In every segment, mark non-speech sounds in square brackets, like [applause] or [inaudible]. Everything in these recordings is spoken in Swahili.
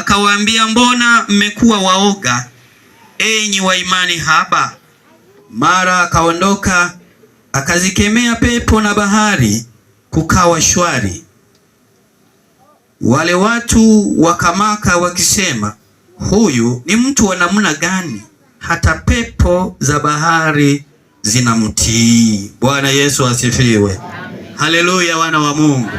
akawaambia, mbona mmekuwa waoga enyi wa imani haba? Mara akaondoka akazikemea pepo na bahari, kukawa shwari. Wale watu wakamaka wakisema, huyu ni mtu wa namna gani, hata pepo za bahari zinamtii? Bwana Yesu asifiwe. Haleluya, wana wa Mungu.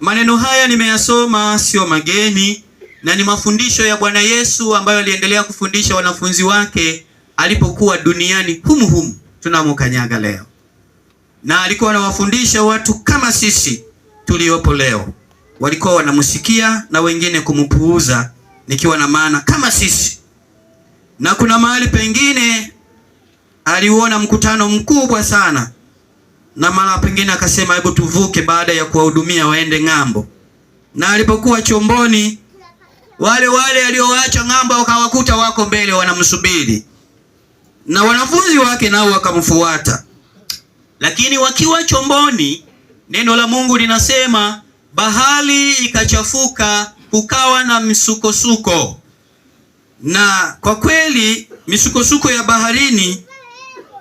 Maneno haya nimeyasoma, sio mageni na ni mafundisho ya Bwana Yesu ambayo aliendelea kufundisha wanafunzi wake alipokuwa duniani humu humu tunamokanyaga leo, na alikuwa anawafundisha watu kama sisi tuliopo leo. Walikuwa wanamsikia na wengine kumpuuza, nikiwa na maana kama sisi. Na kuna mahali pengine aliuona mkutano mkubwa sana, na mara pengine akasema, hebu tuvuke, baada ya kuwahudumia waende ng'ambo. Na alipokuwa chomboni wale wale aliowacha ng'amba wakawakuta wako mbele wanamsubiri, na wanafunzi wake nao wakamfuata. Lakini wakiwa chomboni, neno la Mungu linasema bahari ikachafuka, kukawa na misukosuko. Na kwa kweli misukosuko ya baharini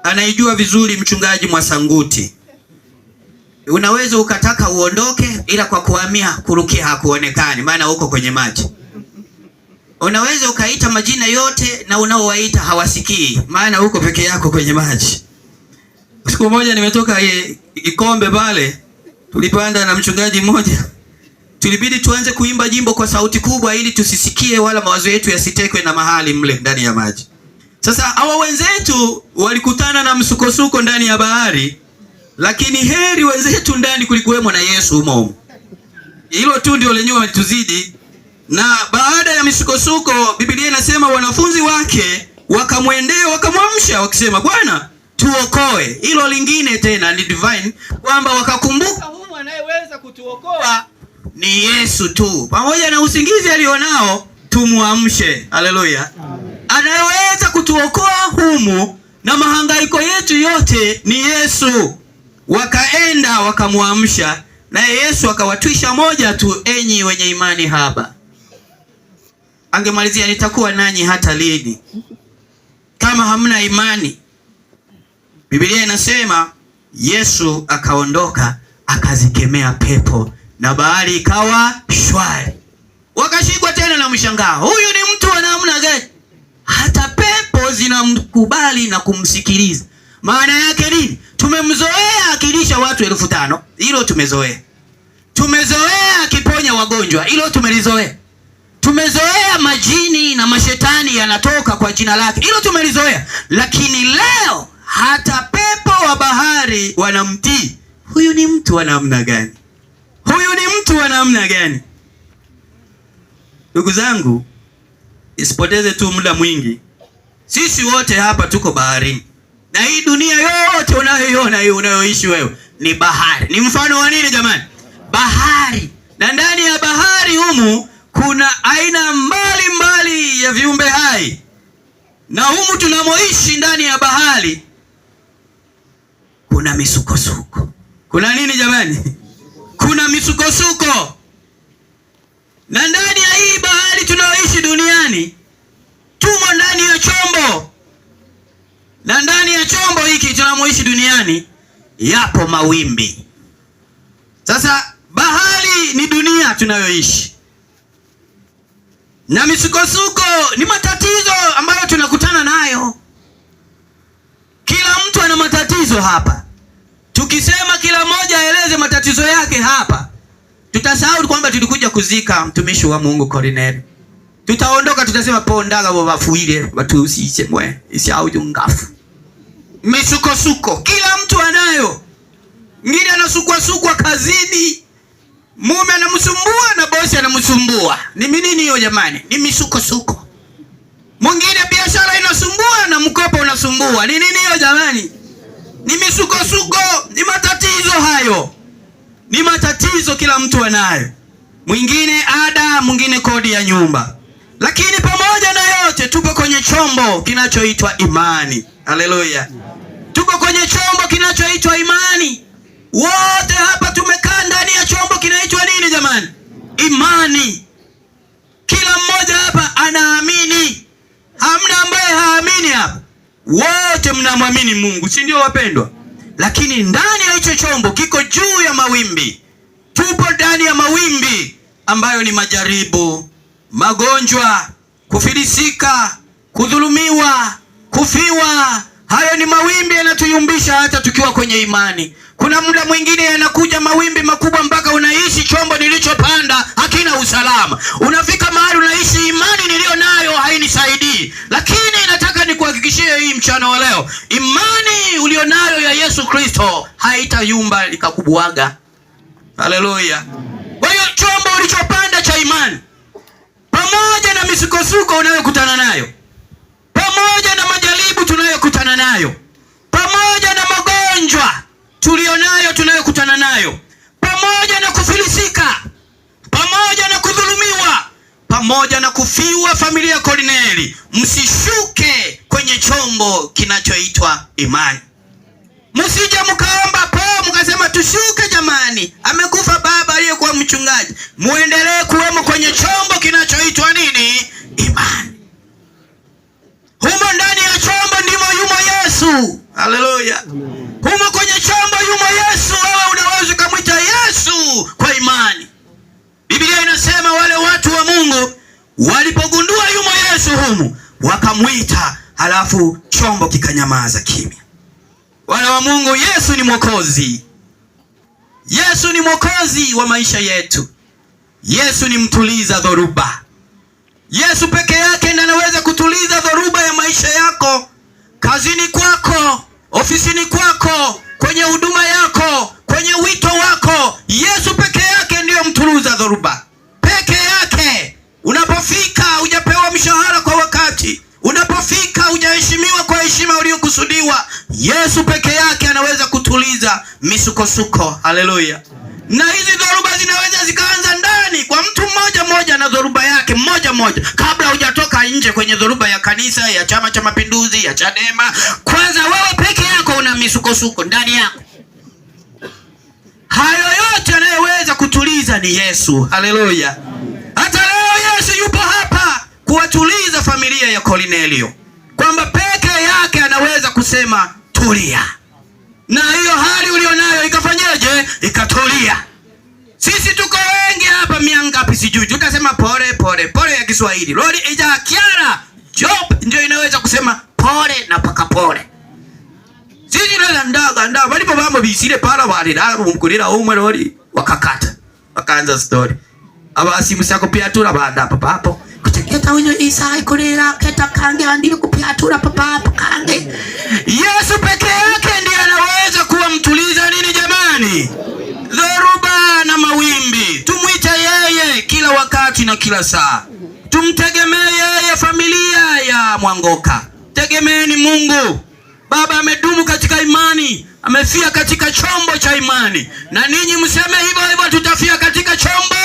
anaijua vizuri mchungaji Mwasanguti. Unaweza ukataka uondoke, ila kwa kuhamia kurukia hakuonekani, maana uko kwenye maji. Unaweza ukaita majina yote na unaowaita hawasikii, maana huko peke yako kwenye maji. Siku moja nimetoka ye, Ikombe pale tulipanda na mchungaji mmoja, tulibidi tuanze kuimba jimbo kwa sauti kubwa ili tusisikie wala mawazo yetu yasitekwe na mahali mle ndani ya maji. Sasa hawa wenzetu walikutana na msukosuko ndani ya bahari, lakini heri wenzetu ndani kulikuwemo na Yesu humo. Hilo tu ndio lenyewe tuzidi na baada ya misukosuko, Biblia inasema wanafunzi wake wakamwendea wakamwamsha wakisema, Bwana tuokoe. Hilo lingine tena ni divine kwamba wakakumbuka huyu anayeweza kutuokoa ni Yesu tu, pamoja na usingizi alionao tumwamshe. Haleluya, anayeweza kutuokoa humu na mahangaiko yetu yote ni Yesu. Wakaenda wakamwamsha, naye Yesu akawatwisha moja tu, enyi wenye imani haba angemalizia nitakuwa nanyi hata lini kama hamna imani? Biblia inasema Yesu akaondoka akazikemea pepo na bahari ikawa shwari. Wakashikwa tena na mshangao, huyu ni mtu wa namna gani? Hata pepo zinamkubali na kumsikiliza. Maana yake nini? Tumemzoea akilisha watu elfu tano, hilo tumezoea. Tumezoea akiponya wagonjwa, hilo tumelizoea. Tumezoea majini na mashetani yanatoka kwa jina lake, hilo tumelizoea. Lakini leo hata pepo wa bahari wanamtii. Huyu ni mtu wa namna gani? Huyu ni mtu wa namna gani? Ndugu zangu, isipoteze tu muda mwingi. Sisi wote hapa tuko baharini, na hii dunia yote unayoiona hii unayoishi wewe ni bahari, ni mfano wa nini jamani? Bahari, na ndani ya bahari humu kuna aina mbalimbali mbali ya viumbe hai, na humu tunamoishi ndani ya bahari kuna misukosuko. Kuna nini jamani? Kuna misukosuko, na ndani ya hii bahari tunayoishi duniani tumo ndani ya chombo, na ndani ya chombo hiki tunamoishi duniani yapo mawimbi. Sasa bahari ni dunia tunayoishi na misukosuko ni matatizo ambayo tunakutana nayo. Kila mtu ana matatizo hapa. Tukisema kila mmoja aeleze matatizo yake hapa, tutasahau kwamba tulikuja kuzika mtumishi wa Mungu Cornelio. Tutaondoka tutasema pondaga watu usiche mwe isyaujungafu. Misukosuko kila mtu anayo, ngine anasukwasukwa kazini mume anamsumbua na bosi anamsumbua. Ni nini hiyo jamani? Ni misukosuko. Mwingine biashara inasumbua na mkopo unasumbua. Ni nini hiyo jamani? Ni misukosuko, ni matatizo hayo, ni matatizo kila mtu anayo, mwingine ada, mwingine kodi ya nyumba. Lakini pamoja na yote, tupo kwenye chombo kinachoitwa imani. Haleluya, tuko kwenye chombo kinachoitwa imani. Wote hapa tumekaa ndani ya chombo kinaitwa nini jamani? Imani. Kila mmoja hapa anaamini, hamna ambaye haamini hapa, wote mnamwamini Mungu, si ndio wapendwa? Lakini ndani ya hicho chombo kiko juu ya mawimbi, tupo ndani ya mawimbi ambayo ni majaribu, magonjwa, kufilisika, kudhulumiwa, kufiwa. Hayo ni mawimbi yanatuyumbisha hata tukiwa kwenye imani. Kuna muda mwingine yanakuja mawimbi makubwa mpaka unaishi chombo nilichopanda hakina usalama. Unafika mahali unaishi imani niliyo nayo hainisaidii. Lakini nataka nikuhakikishie hii mchana wa leo, imani ulionayo ya Yesu Kristo haitayumba ikakubwaga. Haleluya. Kwa hiyo chombo ulichopanda cha imani pamoja na misukosuko unayokutana nayo, pamoja na majaribu tunayokutana nayo, pamoja na magonjwa tulionayo tunayokutana nayo, pamoja na kufilisika, pamoja na kudhulumiwa, pamoja na kufiwa familia ya Korneli, msishuke kwenye chombo kinachoitwa imani. Msije mkaomba po mkasema tushuke, jamani, amekufa baba aliyekuwa mchungaji. Muendelee kuwemo kwenye chombo kinachoitwa nini? Imani. Humo ndani ya chombo ndimo yumo Yesu. Haleluya. Humo kwenye chombo yumo Yesu. Wewe unaweza ukamwita Yesu kwa imani. Biblia inasema wale watu wa Mungu walipogundua yumo Yesu humu, wakamwita, halafu chombo kikanyamaza kimya. wale wa Mungu, Yesu ni Mwokozi. Yesu ni Mwokozi wa maisha yetu. Yesu ni mtuliza dhoruba. Yesu peke yake ndiye anaweza kutuliza dhoruba ya maisha yako, kazini kwako ofisini kwako, kwenye huduma yako, kwenye wito wako. Yesu peke yake ndiyo mtuluza dhoruba peke yake. Unapofika hujapewa mshahara kwa wakati, unapofika hujaheshimiwa kwa heshima uliyokusudiwa, Yesu peke yake anaweza kutuliza misukosuko. Haleluya! na hizi dhoruba zinaweza zikaanza Yaani kwa mtu mmoja mmoja na dhoruba yake mmoja mmoja, kabla hujatoka nje kwenye dhoruba ya kanisa, ya Chama cha Mapinduzi, ya Chadema, kwanza wewe peke yako una misukosuko ndani yako. Hayo yote anayeweza kutuliza ni Yesu. Haleluya! Hata leo Yesu yupo hapa kuwatuliza familia ya Kornelio, kwamba peke yake anaweza kusema tulia, na hiyo hali ulionayo ikafanyeje? Ikatulia. Sisi tuko wengi hapa, mia ngapi sijui, tutasema pole pole pole ya Kiswahili. Lori ija kiara job ndio inaweza kusema pole na paka pole. Sisi ndio ndaga ndaga walipo bambo bisile para wale ndaga mkulira umwe lori wakakata. Wakaanza story. Abasi musako pia tu banda papa hapo. Kuteketa huyo Isa ikulira keta kange andili kupia tu papa hapo kange. Yesu pekee yake ndiye anaweza kuwa mtuliza nini jamani? dhoruba na mawimbi. Tumwite yeye kila wakati na kila saa, tumtegemee yeye. Familia ya Mwangoka, tegemeeni Mungu. Baba amedumu katika imani, amefia katika chombo cha imani, na ninyi mseme hivyo hivyo, tutafia katika chombo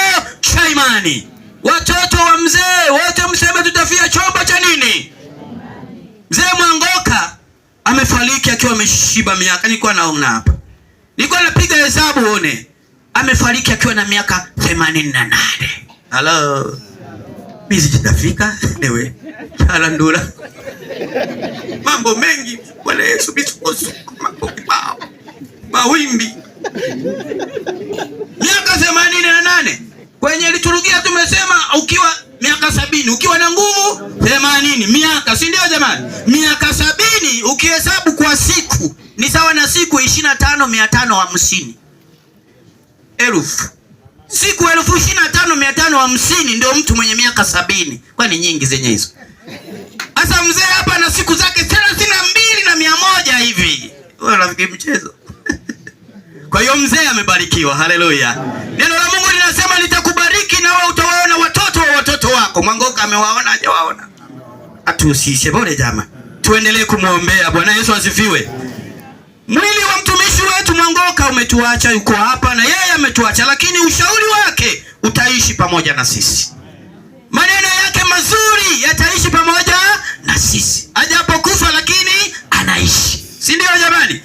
cha imani. Watoto wa mzee wote mseme tutafia chombo cha nini? Mzee Mwangoka amefariki akiwa ameshiba miaka, nilikuwa naona hapa Nilikuwa napiga hesabu one. Amefariki akiwa na miaka 88. Hello. Mimi sijafika ewe. Chala ndula. Mambo mengi Bwana Yesu bisukosu mambo kibao. Mawimbi. Miaka 88. Kwenye liturujia tumesema ukiwa miaka sabini ukiwa na nguvu 80 miaka, si ndio jamani? Miaka sabini ukihesabu kwa sita sawa na siku ishirini na tano mia tano hamsini elfu siku elfu ishirini na tano mia tano hamsini ndio mtu mwenye miaka sabini kwani nyingi zenye hizo. Sasa mzee hapa na siku zake thelathini na mbili na mia moja hivi, rafiki mchezo. [laughs] Kwa hiyo mzee amebarikiwa, haleluya. Neno la Mungu linasema nitakubariki na wewe utawaona watoto wa watoto wako. Mwangoka amewaona hajawaona, atusishe bore jama. Tuendelee kumwombea Bwana Yesu asifiwe. Mwili wa mtumishi wetu Mwangoka umetuacha, yuko hapa na yeye ametuacha, lakini ushauri wake utaishi pamoja na sisi, maneno yake mazuri yataishi pamoja na sisi. Ajapokufa lakini anaishi, si ndio jamani?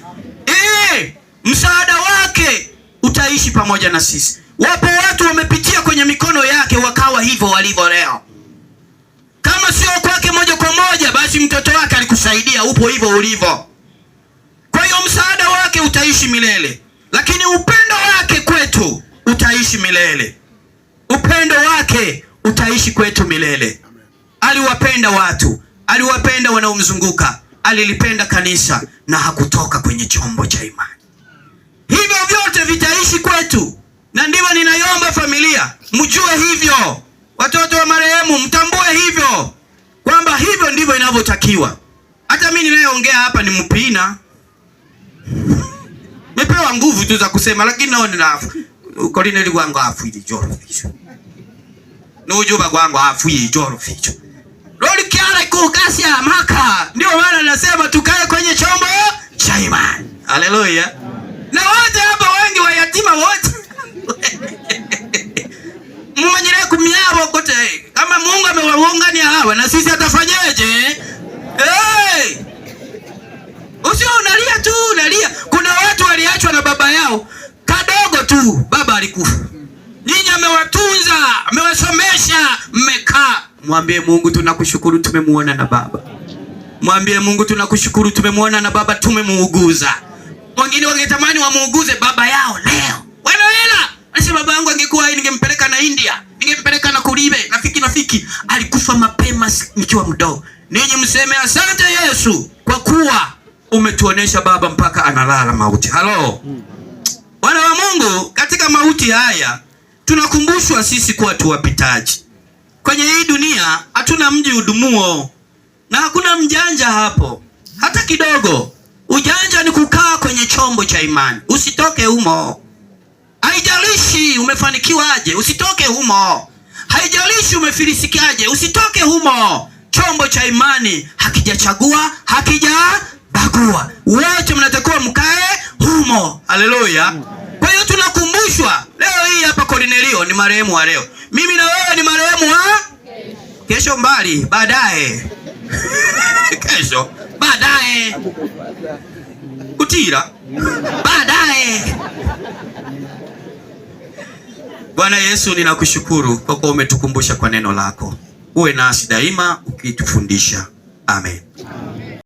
E, msaada wake utaishi pamoja na sisi. Wapo watu wamepitia kwenye mikono yake wakawa hivyo walivyo leo. Kama sio kwake moja kwa moja, basi mtoto wake alikusaidia, upo hivyo ulivyo msaada wake utaishi milele, lakini upendo wake kwetu utaishi milele. Upendo wake utaishi kwetu milele. Aliwapenda watu, aliwapenda wanaomzunguka, alilipenda kanisa na hakutoka kwenye chombo cha imani. Hivyo vyote vitaishi kwetu, na ndivyo ninayomba familia mjue hivyo, watoto wa marehemu mtambue hivyo kwamba hivyo ndivyo inavyotakiwa. Hata mimi ninayoongea hapa ni Mpina, [laughs] Nimepewa nguvu tu za kusema lakini naona na afu. Kolina ili wangu afu ile joro hicho. Ni ujuba wangu afu ile joro hicho. Lori kiara iko kasi ya maka. Ndio maana nasema tukae kwenye chombo cha imani. Haleluya. Na wote hapa wengi wa yatima wote. [laughs] Mmanyira kumiyabo kote. Kama Mungu amewaungania hawa na sisi atafanyaje? Eh! Hey! usio unalia tu unalia. Kuna watu waliachwa na baba yao kadogo tu, baba alikufa, nyinyi amewatunza, amewasomesha, mmekaa. Mwambie Mungu tunakushukuru, tumemuona na baba. Mwambie Mungu tunakushukuru, tumemuona na baba, tumemuuguza. Wengine wangetamani wamuuguze baba yao leo, wanaela Nasi baba yangu angekuwa hai ningempeleka na India, ningempeleka na Kuribe, nafiki nafiki. Alikufa mapema nikiwa mdogo. Ninyi mseme asante Yesu kwa kuwa umetuonesha Baba mpaka analala mauti. Halo wana wa Mungu, katika mauti haya tunakumbushwa sisi kuwa tuwapitaji kwenye hii dunia. Hatuna mji udumuo na hakuna mjanja hapo hata kidogo. Ujanja ni kukaa kwenye chombo cha imani, usitoke humo. Haijalishi umefanikiwaje, usitoke humo. Haijalishi umefilisikaje, usitoke humo. Chombo cha imani hakijachagua, hakija hakuwa. Wote mnatakiwa mkae humo. Haleluya! Kwa hiyo tunakumbushwa leo hii hapa, Cornelio ni marehemu wa leo, mimi na wewe ni marehemu wa kesho, mbali baadaye [laughs] kesho baadaye kutira baadaye. Bwana Yesu, ninakushukuru kwa kuwa umetukumbusha kwa neno lako. Uwe nasi daima ukitufundisha. Amen.